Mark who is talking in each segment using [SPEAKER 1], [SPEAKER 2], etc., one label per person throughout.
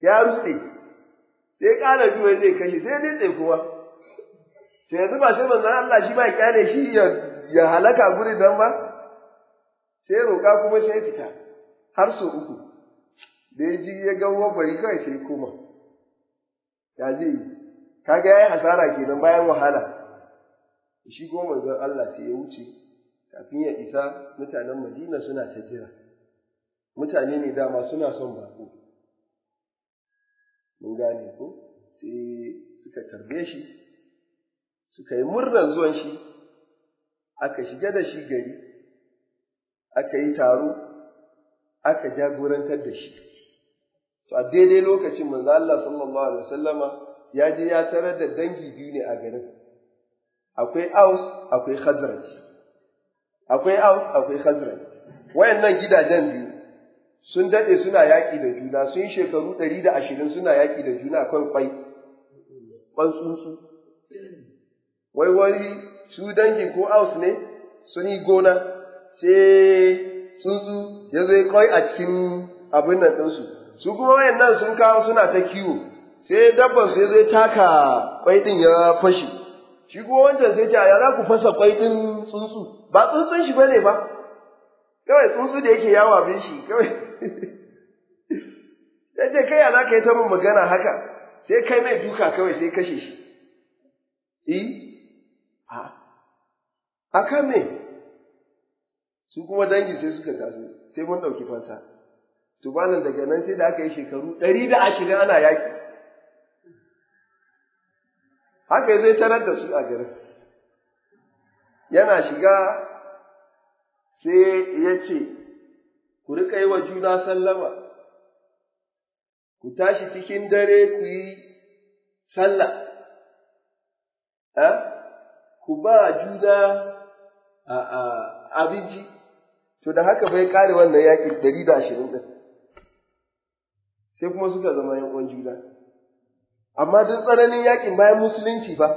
[SPEAKER 1] ya rutse sai ƙara juwa zai kashe sai dai tsaye kowa sai yanzu ba sai manzan Allah shi ba ya kyale shi ya halaka guri dan ba sai roƙa kuma sai fita har so uku da ya ji ya ga wabari kawai sai koma ya zai yi kaga yayi asara kenan bayan wahala shi ko manzan Allah sai ya wuce kafin ya isa mutanen Madina suna ta jira mutane ne dama suna son bako mun gane ko sai suka tarbe shi suka yi murnar zuwan shi aka shiga da shi gari aka yi taro aka jagorantar da shi to a daidai lokacin manzo Allah sallallahu alaihi wasallama ya je ya tarar da dangi biyu ne a garin akwai Aus akwai Khazraj akwai Aus akwai Khazraj wayannan gidajen biyu sun daɗe suna yaƙi da juna sun yi shekaru ɗari da ashirin suna yaƙi da juna kan kwai kwan tsuntsu wai wani su dangi ko aus ne sun yi gona sai tsuntsu ya zai kwai a cikin abin nan ɗinsu su kuma wayannan sun kawo suna ta kiwo sai dabban sai zai taka kwai ɗin ya fashe shi kuma wancan sai ce a yara ku fasa kwai ɗin tsuntsu ba tsuntsun shi bane ba kawai tsuntsu da yake yawa bin shi kawai sai ce kai za ka yi ta min magana haka sai kai mai duka kawai sai kashe shi i eh? a kan me su kuma dangi sai suka taso sai mun ɗauki fansa to malam daga nan sai da aka yi shekaru ɗari da ashirin ana yaƙi haka zai tarar da su a garin yana shiga sai ya ce, Ku riƙa yi wa juna sallama, ku tashi cikin dare ku yi sallah, eh? ku ba juna abinci, to da haka bai kare wannan yaƙi dari da ashirin ɗin, sai kuma suka zama yankon juna. Amma duk tsananin yaƙin bayan musulunci ba,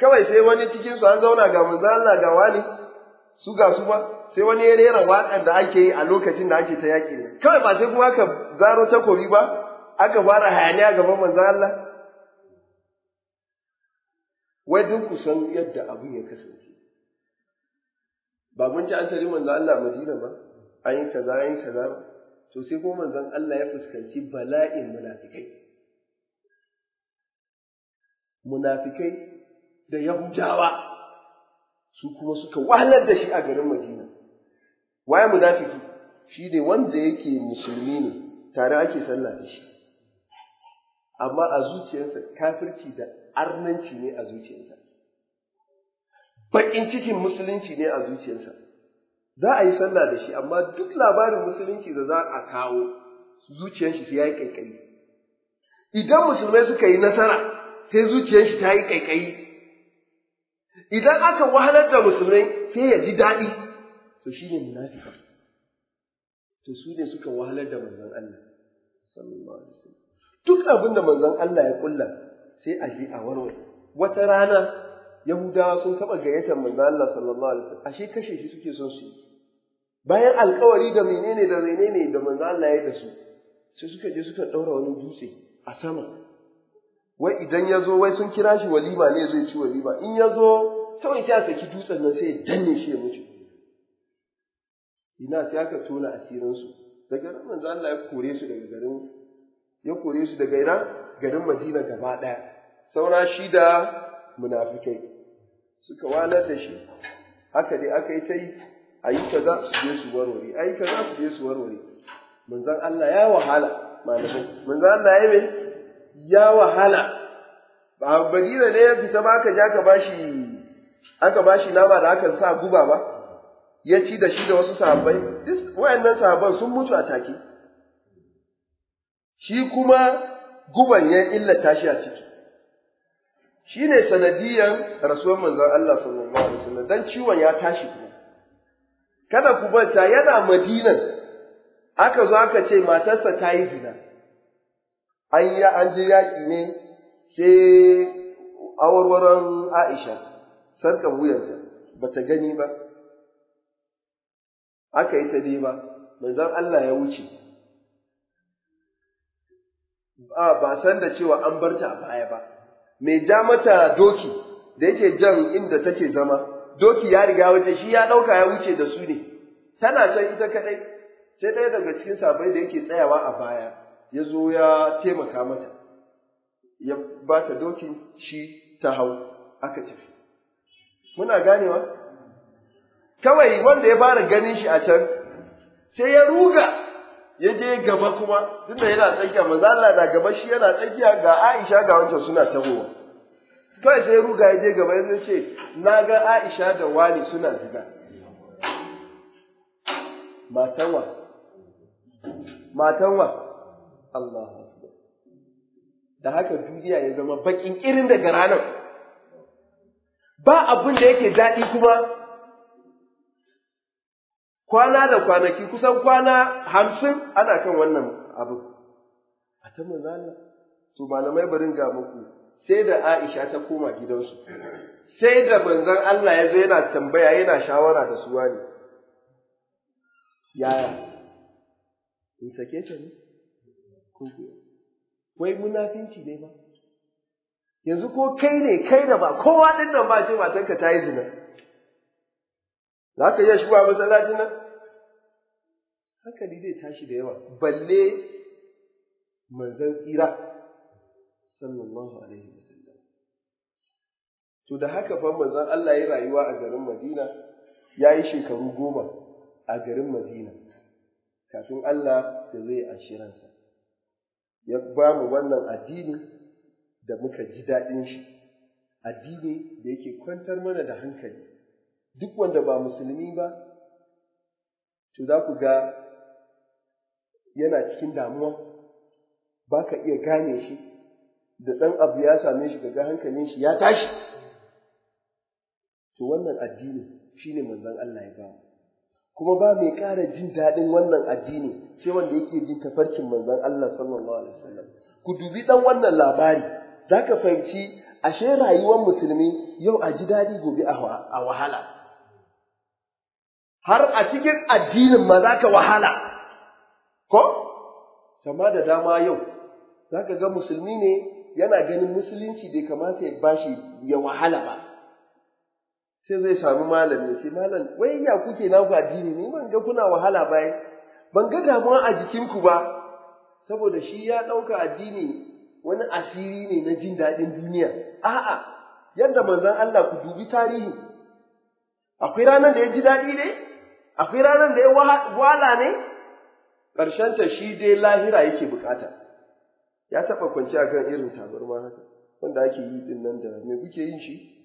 [SPEAKER 1] kawai sai wani cikinsu an zauna ga manzo Allah ga wani, su ga su ba sai wani ya rera waƙar da ake yi a lokacin da ake ta yaƙi ne kawai ba sai kuma aka zaro takobi ba aka fara hayaniya gaban manzon Allah wai duk ku san yadda abin ya kasance ba mun ci an tari manzon Allah Madina ba an yi kaza an yi kaza ba to sai ko manzon Allah ya fuskanci bala'in munafikai munafikai da Yahudawa su kuma suka wahalar da shi a garin Madina. Waye munafiki shi ne wanda yake musulmi ne tare ake sallah da shi. Amma a zuciyarsa kafirci da arnanci ne a zuciyarsa. Baƙin cikin musulunci ne a zuciyarsa. Za a yi sallah da shi amma duk labarin musulunci da za a kawo zuciyar shi ya yi ƙaiƙayi. Idan musulmai suka yi nasara sai zuciyar shi ta yi ƙaiƙayi idan aka wahalar da musulmai sai ya ji daɗi to shi ne munafika to su ne suka wahalar da manzon Allah sallallahu alaihi wasallam duk abin da manzon Allah ya kulla sai a je a warware wata rana Yahudawa sun taɓa gayyatar manzon Allah sallallahu alaihi wasallam ashe kashe shi suke son su bayan alkawari da menene da menene da manzon Allah ya da su sai suka je suka ɗaura wani dutse a sama wai idan ya zo wai sun kira shi walima ne zai ci walima in ya zo kawai sai a saki dutsen nan sai ya danne shi ya mutu ina sai aka tona su daga nan manzo Allah ya kore su daga garin ya kore su daga ina garin Madina gaba ɗaya saura shi da munafikai suka walar da shi haka dai aka yi ta yi a yi kaza su je su warware a yi kaza su je su warware manzon Allah ya wahala malamai manzon Allah ya yi ya wahala ba Badira ne ya fita ba ka ja ka bashi aka bashi nama da aka sa guba ba ya ci da shi da wasu sahabbai wayannan sahabban sun mutu a take shi kuma guban ya illata shi a ciki shi ne sanadiyan rasuwar manzon Allah sallallahu alaihi wasallam dan ciwon ya tashi kuma kada ku ta yana madinan aka zo aka ce matarsa ta yi zina an yi an ji yaƙi ne sai awarwaron Aisha sarkan wuyanta ta gani ba aka yi ta mai manzon Allah ya wuce ba ba san da cewa an bar ta a baya ba mai ja mata doki da yake jan inda take zama doki ya riga wuce shi ya ɗauka ya wuce da su ne tana can ita kaɗai sai ɗaya daga cikin sabai da yake tsayawa a baya ya zo ya taimaka mata ya ba ta dokin shi ta hau aka tafi muna ganewa kawai wanda ya fara ganin shi a can sai ya ruga ya je gaba kuma tunda yana tsakiya maza Allah da gaba shi yana tsakiya ga Aisha ga wancan suna tahowa kawai sai ya ruga ya je gaba ya ce na ga Aisha da wani suna ziga matanwa matanwa da haka duniya ya zama bakin irin daga ranar ba abin da yake daɗi kuma kwana da kwanaki kusan kwana hamsin ana kan wannan abin a ta manzana to malamai barin ga muku sai da Aisha ta koma gidansu sai da manzon Allah ya zo yana tambaya yana shawara da su wani yaya in sake ta ne wai munafinci dai ba yanzu ko kai ne kai da ba kowa ɗin nan ba ce matanka ta yi zina za ka iya shigowa masallacin nan hankali zai tashi da yawa balle manzan tsira sallallahu alaihi wasallam to da haka fa manzan Allah ya rayuwa a garin Madina ya yi shekaru goma a garin Madina kafin Allah da zai ashiransa ya ba mu wannan addini da muka ji daɗin shi, addini da yake kwantar mana da hankali, duk wanda ba musulmi ba, to za ku ga yana cikin damuwa, ba ka iya gane shi, da ɗan abu ya same shi ga hankalin shi ya tashi. To wannan addini shi ne manzon Allah ya ba mu. kuma ba mai ƙara jin daɗin wannan addini ce wanda yake jin tafarkin manzon Allah sallallahu alaihi wasallam ku dubi ɗan wannan labari zaka fahimci ashe rayuwar musulmi yau a ji daɗi gobe a wahala har a cikin addinin ma ka wahala ko kama da dama yau zaka ga musulmi ne yana ganin musulunci bai kamata ya bashi ya wahala ba sai zai sami malam malami sai malam wai ya kuke naku addini ni ban ga kuna wahala bai ban ga damuwa a jikinku ba saboda shi ya ɗauka addini wani asiri ne na jin daɗin duniya a'a yadda manzon Allah ku dubi tarihi akwai ranar da ya ji daɗi ne akwai ranar da ya wala ne ta shi dai lahira yake bukata ya taɓa kwanci akan irin tabarma haka wanda ake yi din nan da me kuke yin shi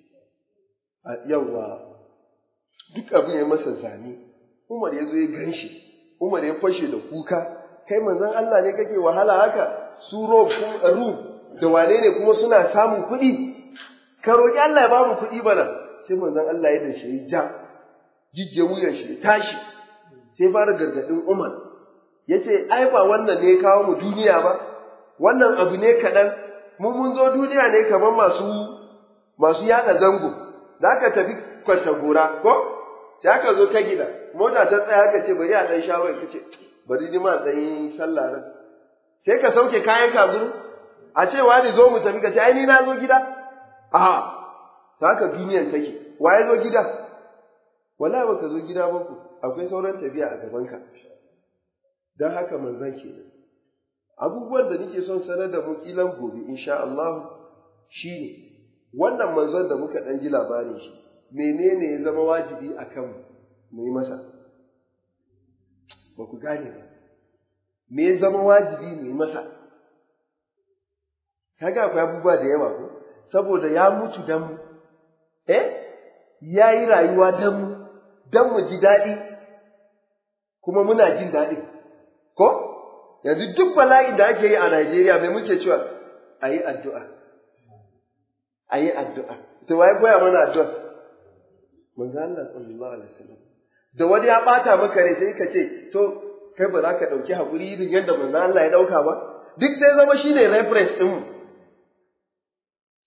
[SPEAKER 1] yawa duk abin ya masa zane Umar ya zo ya gan shi Umar ya fashe da kuka kai manzon Allah ne kake wahala haka su rob uh, ru da wane ne kuma suna samun kuɗi ka roƙi Allah ya bamu kuɗi bana sai manzon Allah ya da ya ja jijje wuyan shi tashi sai fara gargadin Umar yace ai ba wannan ne kawo mu duniya ba wannan abu ne kaɗan mu mun zo duniya ne kaman masu masu yada zango za ka tafi kwanta gora ko sai aka zo ta gida mota ta tsaya ka ce bari a ɗan shawar ka ce bari ni ma ɗan sallah nan sai ka sauke kayan ka a ce wani zo mu tafi ka ce ai ni na zo gida a Za ka duniyar take wa ya zo gida wala ba ka zo gida ba ku akwai sauran tafiya a gaban ka don haka manzan ke da? abubuwan da nake son sanar da mu kilan gobe insha Allah ne. wannan manzon da muka ɗan ji labarin shi menene ya zama wajibi a kan mu yi masa ba ku gane ba me ya zama wajibi mu yi masa kaga akwai abubuwa da yawa ko saboda ya mutu dan mu eh ya yi rayuwa dan mu dan mu ji daɗi kuma muna jin daɗi ko yanzu duk bala'i da ake yi a Najeriya mai muke cewa a yi addu'a a yi addu'a to waye koya mana addu'a manzo Allah sallallahu alaihi wasallam da wani ya bata maka rai sai ka ce to kai ba za ka dauki hakuri irin yadda manzo Allah ya dauka ba duk sai zama shine reference din mu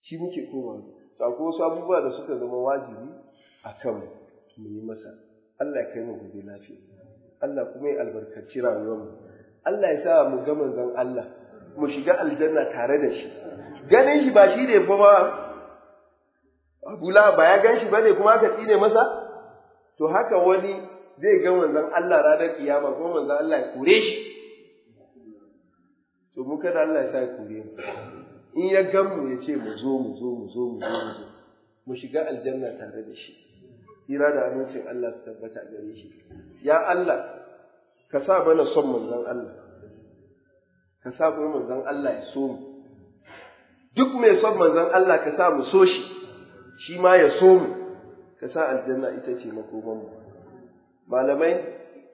[SPEAKER 1] shi muke koma to akwai wasu abubuwa da suka zama wajibi a kan mu yi masa Allah ya kai mu gobe lafiya Allah kuma ya albarkaci rayuwar mu Allah ya sa mu ga manzon Allah mu shiga aljanna tare da shi ganin shi ba shi ne ba Abdullah ba ya gan shi ba ne kuma aka tsine masa? To haka wani zai gan wanzan Allah ranar kiyama kuma wanzan Allah ya kore shi. To mu kada Allah ya sa ya kore mu. In ya gan mu ya ce mu zo mu zo mu zo mu zo mu zo. Mu shiga aljanna tare da shi. Ira da amincin Allah su tabbata gare shi. Ya Allah ka sa mana son manzan Allah. Ka sa kuma manzan Allah ya so mu. Duk mai son manzan Allah ka sa mu so shi. shi ma ya so mu ka sa aljanna ita ce makomanmu malamai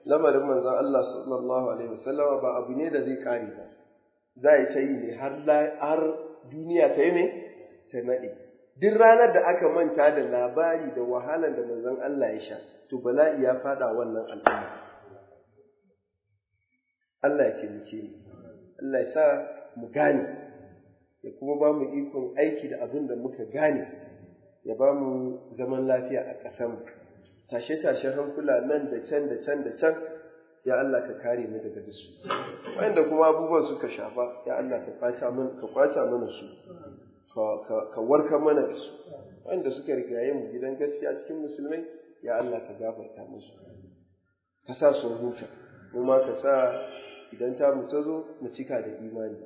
[SPEAKER 1] lamarin manzon Allah sallallahu alaihi wasallama ba abu ne da zai kare ba za ta yi ne har duniya ta yi ne ta nade duk ranar da aka manta da labari da wahalar da manzon Allah ya sha to bala'i ya fada wannan al'umma Allah ya ce muke ni Allah ya sa mu gane ya kuma ba mu ikon aiki da abin da muka gane ya ba mu zaman lafiya a ƙasan tashe-tashen hankula nan da can da can da can ya Allah ka kare mu daga dusu da kuma abubuwan suka shafa ya Allah ka kwata mana ka kwata mana su ka warka mana da su da suka rigaye mu gidan gaskiya cikin musulmai ya Allah ka gafarta musu ka sa sun huta kuma ka sa idan ta mu ta zo mu cika da imani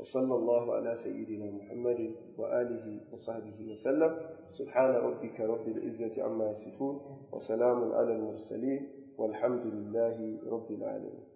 [SPEAKER 1] وصلى الله على سيدنا محمد وآله وصحبه وسلم سبحان ربك رب العزة عما يصفون وسلام على المرسلين والحمد لله رب العالمين